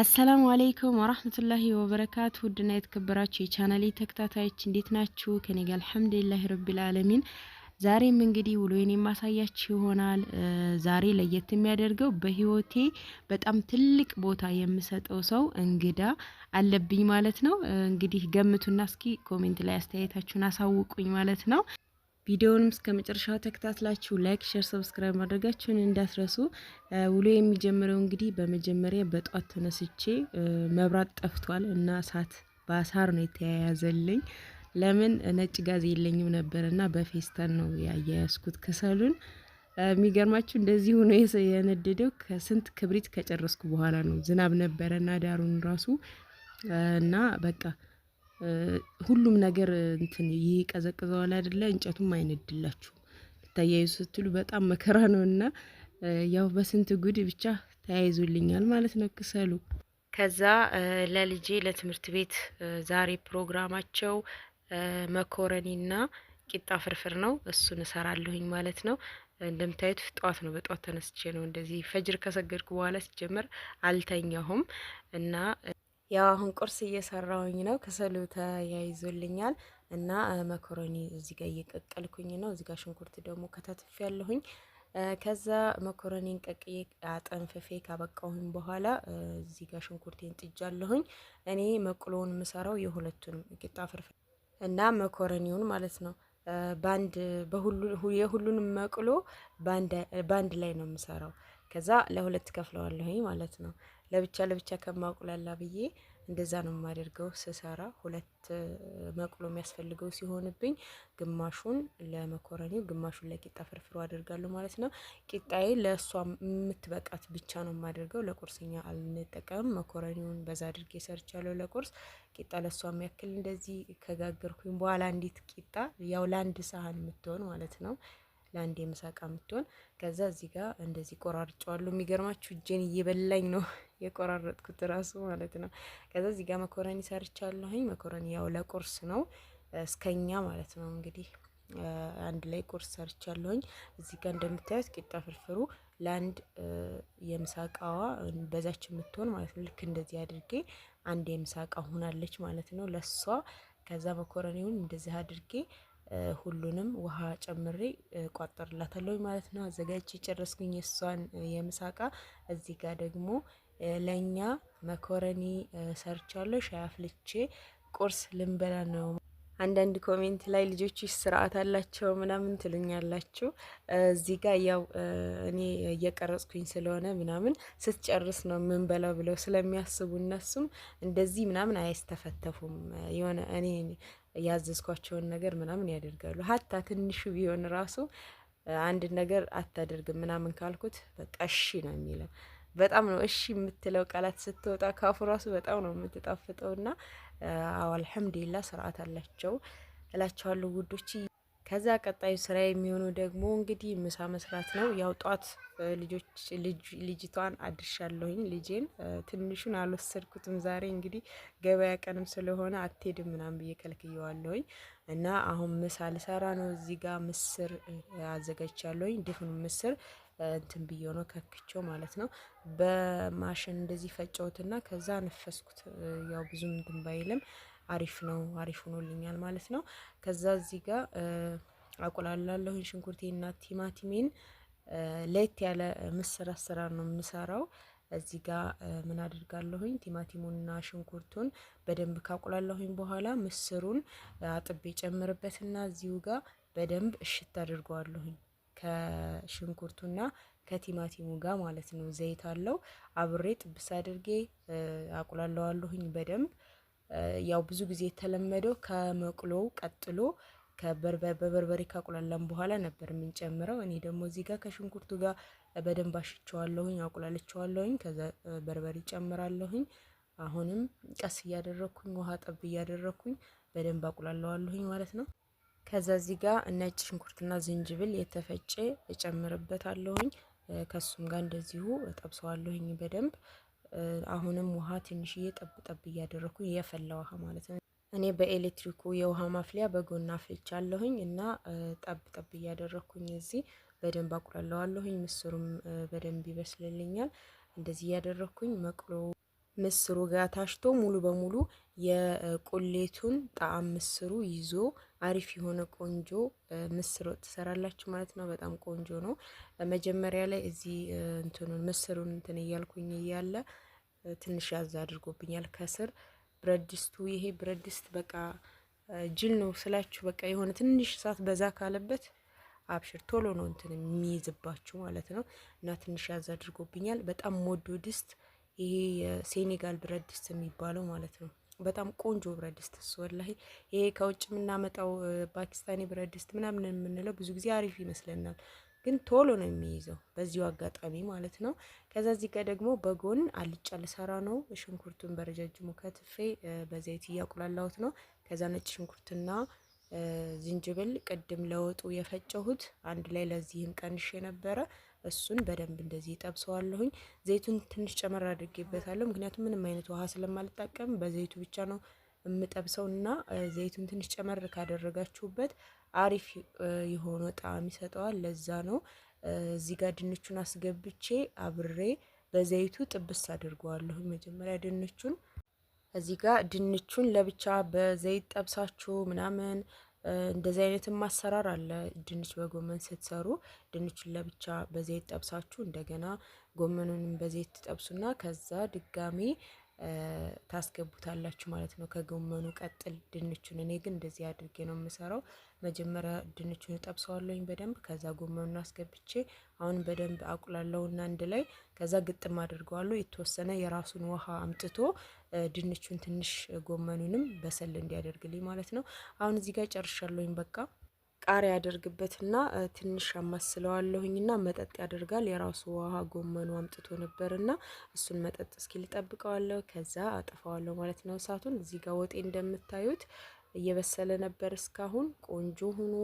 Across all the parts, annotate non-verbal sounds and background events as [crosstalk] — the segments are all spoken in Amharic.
አሰላሙ አለይኩም ወራህመቱላሂ ወበረካቱ ውድና የተከበራችሁ የቻናሌ ተከታታዮች እንዴት ናችሁ? ከኔ ጋር አልሐምዱሊላሂ ረቢል አለሚን። ዛሬም እንግዲህ ውሎዬን የማሳያችሁ ይሆናል። ዛሬ ለየት የሚያደርገው በህይወቴ በጣም ትልቅ ቦታ የምሰጠው ሰው እንግዳ አለብኝ ማለት ነው። እንግዲህ ገምቱና እስኪ ኮሜንት ላይ አስተያየታችሁን አሳውቁኝ ማለት ነው። ቪዲዮውንም እስከ መጨረሻው ተከታትላችሁ ላይክ፣ ሼር፣ ሰብስክራይብ ማድረጋችሁን እንዳትረሱ። ውሎ የሚጀምረው እንግዲህ በመጀመሪያ በጧት ተነስቼ መብራት ጠፍቷል እና እሳት በአሳር ነው የተያያዘልኝ። ለምን ነጭ ጋዝ የለኝም ነበር እና በፌስታል ነው ያያያዝኩት ክሰሉን። የሚገርማችሁ እንደዚህ ሆኖ የነደደው ከስንት ክብሪት ከጨረስኩ በኋላ ነው። ዝናብ ነበረ እና ዳሩን ራሱ እና በቃ ሁሉም ነገር እንትን ቀዘቅዘዋል አይደለ? እንጨቱም አይነድላችሁም ልታያይዙ ስትሉ በጣም መከራ ነው እና ያው በስንት ጉድ ብቻ ተያይዙልኛል ማለት ነው ክሰሉ። ከዛ ለልጄ ለትምህርት ቤት ዛሬ ፕሮግራማቸው መኮረኒና ቂጣ ፍርፍር ነው። እሱን እሰራለሁኝ ማለት ነው። እንደምታዩት ጠዋት ነው። በጠዋት ተነስቼ ነው እንደዚህ ፈጅር ከሰገድኩ በኋላ ሲጀመር አልተኛሁም እና ያው አሁን ቁርስ እየሰራውኝ ነው። ከሰሉ ተያይዞልኛል እና መኮረኒ እዚህ ጋር እየቀቀልኩኝ ነው። እዚህ ጋር ሽንኩርት ደግሞ ከታትፍ ያለሁኝ። ከዛ መኮረኒን ቀቅዬ አጠንፍፌ ካበቃሁኝ በኋላ እዚህ ጋር ሽንኩርቴን ጥጃለሁኝ። እኔ መቁሎውን የምሰራው የሁለቱንም ቂጣ ፍርፍር እና መኮረኒውን ማለት ነው በአንድ የሁሉንም መቅሎ በአንድ ላይ ነው የምሰራው ከዛ ለሁለት ከፍለዋለሁኝ ማለት ነው። ለብቻ ለብቻ ከማቁላላ ብዬ እንደዛ ነው የማደርገው ስሰራ። ሁለት መቁሎ የሚያስፈልገው ሲሆንብኝ ግማሹን ለመኮረኒው፣ ግማሹን ለቂጣ ፍርፍሮ አደርጋለሁ ማለት ነው። ቂጣዬ ለእሷ የምትበቃት ብቻ ነው የማደርገው፣ ለቁርስኛ አልንጠቀምም። መኮረኒውን በዛ አድርጌ ሰርቻለሁ ለቁርስ። ቂጣ ለእሷ የሚያክል እንደዚህ ከጋገርኩኝ በኋላ እንዴት ቂጣ ያው ለአንድ ሳህን የምትሆን ማለት ነው ለአንድ የምሳቃ የምትሆን ከዛ እዚህ ጋር እንደዚህ ቆራርጫዋለሁ። የሚገርማችሁ እጄን እየበላኝ ነው [laughs] የቆራረጥኩት ራሱ ማለት ነው። ከዛ እዚህ ጋር መኮረኒ ሰርቻለሁኝ። መኮረኒ ያው ለቁርስ ነው እስከኛ ማለት ነው እንግዲህ አንድ ላይ ቁርስ ሰርቻለሁኝ። እዚህ ጋር እንደምታዩት ቂጣ ፍርፍሩ ለአንድ የምሳቃዋ በዛች የምትሆን ማለት ነው። ልክ እንደዚህ አድርጌ አንድ የምሳቃ ሁናለች ማለት ነው ለሷ። ከዛ መኮረኒውን እንደዚህ አድርጌ ሁሉንም ውሃ ጨምሬ ቋጠርላታለሁ ማለት ነው። አዘጋጅቼ ጨረስኩኝ እሷን የምሳቃ። እዚህ ጋር ደግሞ ለእኛ መኮረኒ ሰርቻለሁ። ሻይ አፍልቼ ቁርስ ልንበላ ነው። አንዳንድ ኮሜንት ላይ ልጆች ስርዓት አላቸው ምናምን ትሉኛላችሁ። እዚህ ጋር ያው እኔ እየቀረጽኩኝ ስለሆነ ምናምን ስትጨርስ ነው የምንበላው ብለው ስለሚያስቡ እነሱም እንደዚህ ምናምን አያስተፈተፉም። የሆነ እኔ ያዘዝኳቸውን ነገር ምናምን ያደርጋሉ። ሀታ ትንሹ ቢሆን ራሱ አንድ ነገር አታደርግም ምናምን ካልኩት በቃ እሺ ነው የሚለው። በጣም ነው እሺ የምትለው ቃላት ስትወጣ ካፉ ራሱ በጣም ነው የምትጣፍጠው። ና አዎ አልሐምዱሊላ ስርዓት አላቸው እላቸዋለሁ ውዶች። ከዛ ቀጣዩ ስራ የሚሆነው ደግሞ እንግዲህ ምሳ መስራት ነው። ያው ጧት ልጆች ልጅቷን አድርሻለሁኝ። ልጄን ትንሹን አልወሰድኩትም ዛሬ እንግዲህ ገበያ ቀንም ስለሆነ አትሄድም ምናምን ብዬ ከልክየዋለሁኝ እና አሁን ምሳ ልሰራ ነው። እዚህ ጋር ምስር አዘጋጅቻለሁኝ። ድፍን ምስር እንትን ብዬ ነው ከክቸው ማለት ነው። በማሽን እንደዚህ ፈጨሁትና ከዛ ነፈስኩት። ያው ብዙም እንትን ባይልም አሪፍ ነው፣ አሪፍ ሆኖልኛል ማለት ነው። ከዛ እዚህ ጋር አቁላላለሁኝ ሽንኩርቴና ቲማቲሜን። ለየት ያለ ምስር አሰራር ነው የምሰራው። እዚህ ጋር ምን አድርጋለሁኝ ቲማቲሙንና ሽንኩርቱን በደንብ ካቁላለሁኝ በኋላ ምስሩን አጥቤ ጨምርበትና እዚሁ ጋር በደንብ እሽት አድርገዋለሁኝ ከሽንኩርቱና ከቲማቲሙ ጋር ማለት ነው። ዘይት አለው አብሬ ጥብስ አድርጌ አቁላለዋለሁኝ በደንብ ያው ብዙ ጊዜ የተለመደው ከመቅሎ ቀጥሎ በበርበሬ ካቁላላም በኋላ ነበር የምንጨምረው። እኔ ደግሞ እዚህ ጋር ከሽንኩርቱ ጋር በደንብ አሽቸዋለሁኝ፣ አቁላልቸዋለሁኝ። ከዛ በርበሬ ጨምራለሁኝ። አሁንም ቀስ እያደረግኩኝ ውሃ ጠብ እያደረግኩኝ በደንብ አቁላለዋለሁኝ ማለት ነው። ከዛ እዚህ ጋር ነጭ ሽንኩርትና ዝንጅብል የተፈጨ እጨምርበታለሁኝ። ከሱም ጋር እንደዚሁ ጠብሰዋለሁኝ በደንብ አሁንም ውሃ ትንሽዬ ጠብ ጠብ እያደረኩ የፈላ ውሃ ማለት ነው። እኔ በኤሌክትሪኩ የውሃ ማፍሊያ በጎን አፍልቻለሁኝ እና ጠብ ጠብ እያደረኩኝ እዚህ በደንብ አቁላለዋለሁኝ። ምስሩም በደንብ ይበስልልኛል። እንደዚህ እያደረግኩኝ መቅሎ ምስሩ ጋር ታሽቶ ሙሉ በሙሉ የቁሌቱን ጣዕም ምስሩ ይዞ አሪፍ የሆነ ቆንጆ ምስር ወጥ ትሰራላችሁ ማለት ነው። በጣም ቆንጆ ነው። መጀመሪያ ላይ እዚህ እንትኑን ምስሩን እንትን እያልኩኝ እያለ ትንሽ ያዝ አድርጎብኛል ከስር ብረት ድስቱ። ይሄ ብረት ድስት በቃ ጅል ነው ስላችሁ፣ በቃ የሆነ ትንሽ እሳት በዛ ካለበት አብሽር ቶሎ ነው እንትን የሚይዝባችሁ ማለት ነው። እና ትንሽ ያዝ አድርጎብኛል። በጣም ሞዶ ድስት ይሄ የሴኔጋል ብረት ድስት የሚባለው ማለት ነው። በጣም ቆንጆ ብረት ድስት እሱ ወላሂ። ይሄ ከውጭ የምናመጣው ፓኪስታኒ ብረት ድስት ምናምን የምንለው ብዙ ጊዜ አሪፍ ይመስለናል፣ ግን ቶሎ ነው የሚይዘው። በዚሁ አጋጣሚ ማለት ነው። ከዛ እዚህ ጋር ደግሞ በጎን አልጫ ልሰራ ነው። ሽንኩርቱን በረጃጅሙ ከትፌ በዘይት እያቁላላሁት ነው። ከዛ ነጭ ሽንኩርትና ዝንጅብል ቅድም ለወጡ የፈጨሁት አንድ ላይ ለዚህም ቀንሽ የነበረ። እሱን በደንብ እንደዚህ ጠብሰዋለሁኝ። ዘይቱን ትንሽ ጨመር አድርጌበታለሁ፣ ምክንያቱም ምንም አይነት ውሃ ስለማልጠቀም በዘይቱ ብቻ ነው የምጠብሰው እና ዘይቱን ትንሽ ጨመር ካደረጋችሁበት አሪፍ የሆነ ጣዕም ይሰጠዋል። ለዛ ነው እዚህ ጋር ድንቹን አስገብቼ አብሬ በዘይቱ ጥብስ አድርገዋለሁ። መጀመሪያ ድንቹን እዚህ ጋር ድንቹን ለብቻ በዘይት ጠብሳችሁ ምናምን እንደዚህ አይነትም አሰራር አለ። ድንች በጎመን ስትሰሩ ድንቹን ለብቻ በዘይት ጠብሳችሁ እንደገና ጎመኑንም በዘይት ትጠብሱና ከዛ ድጋሚ ታስገቡታላችሁ ማለት ነው። ከጎመኑ ቀጥል ድንቹን እኔ ግን እንደዚህ አድርጌ ነው የምሰራው። መጀመሪያ ድንቹን እጠብሰዋለሁኝ በደንብ ከዛ ጎመኑን አስገብቼ አሁን በደንብ አቁላለውና አንድ ላይ ከዛ ግጥም አድርገዋለሁ። የተወሰነ የራሱን ውሃ አምጥቶ ድንቹን ትንሽ ጎመኑንም በሰል እንዲያደርግልኝ ማለት ነው። አሁን እዚህ ጋር ጨርሻለሁኝ በቃ ቃሪ ያደርግበትና ትንሽ አማስለዋለሁኝና መጠጥ ያደርጋል። የራሱ ውሃ ጎመኑ አምጥቶ ነበርና እሱን መጠጥ እስኪ ጠብቀዋለሁ። ከዛ አጠፋዋለሁ ማለት ነው እሳቱን። እዚህ ጋር ወጤ እንደምታዩት እየበሰለ ነበር። እስካሁን ቆንጆ ሆኖ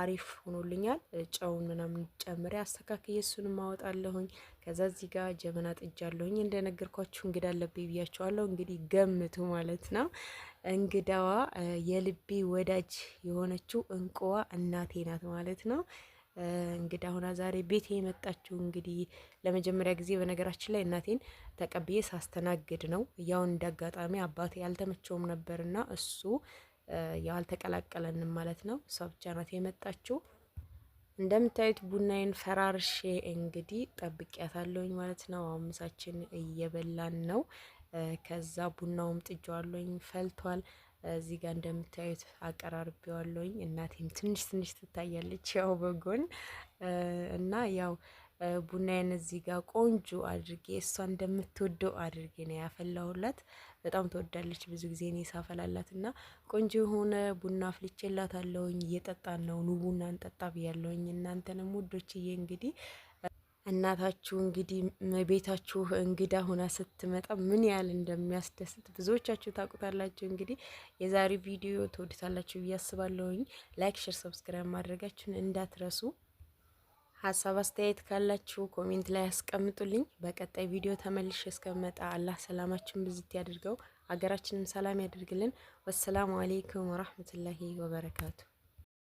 አሪፍ ሆኖልኛል። ጨውን ምናምን ጨምሬ አስተካክዬ እሱንም ማወጣለሁኝ። ከዛ እዚህ ጋር ጀበና ጥጃለሁኝ። እንደነገርኳችሁ እንግዳ አለብኝ ብያችኋለሁ። እንግዲህ ገምቱ ማለት ነው። እንግዳዋ የልቤ ወዳጅ የሆነችው እንቁዋ እናቴ ናት ማለት ነው። እንግዳ አሁና ዛሬ ቤቴ የመጣችው እንግዲህ ለመጀመሪያ ጊዜ በነገራችን ላይ እናቴን ተቀብዬ ሳስተናግድ ነው። ያውን አጋጣሚ አባቴ ያልተመቸውም ነበርና እሱ ያው አልተቀላቀለንም ማለት ነው። እሷ ብቻ ናት የመጣችው። እንደምታዩት ቡናዬን ፈራርሼ እንግዲህ ጠብቂያታለሁኝ ማለት ነው። አምሳችን እየበላን ነው። ከዛ ቡናውም ጥጄዋለሁኝ ፈልቷል። እዚህ ጋር እንደምታዩት አቀራርቤዋለሁኝ። እናቴም ትንሽ ትንሽ ትታያለች ያው በጎን እና ያው ቡናዬን እዚህ ጋር ቆንጆ አድርጌ እሷ እንደምትወደው አድርጌ ነው ያፈላሁላት። በጣም ትወዳለች። ብዙ ጊዜ እኔ ሳፈላላት እና ቆንጆ የሆነ ቡና አፍልቼላት አለውኝ። እየጠጣን ነው ኑ ቡና እንጠጣ ብያለውኝ። እናንተንም ውዶችዬ እንግዲህ እናታችሁ እንግዲህ ቤታችሁ እንግዳ ሆና ስትመጣ ምን ያህል እንደሚያስደስት ብዙዎቻችሁ ታውቁታላችሁ። እንግዲህ የዛሬ ቪዲዮ ትወዱታላችሁ ብዬ አስባለሁኝ። ላይክ፣ ሼር፣ ሰብስክራይብ ማድረጋችሁን እንዳትረሱ። ሀሳብ አስተያየት ካላችሁ ኮሜንት ላይ ያስቀምጡልኝ። በቀጣይ ቪዲዮ ተመልሼ እስከመጣ አላህ ሰላማችን ብዝት ያድርገው፣ ሀገራችንም ሰላም ያድርግልን። ወሰላሙ አሌይኩም ወራህመቱላሂ ወበረካቱ።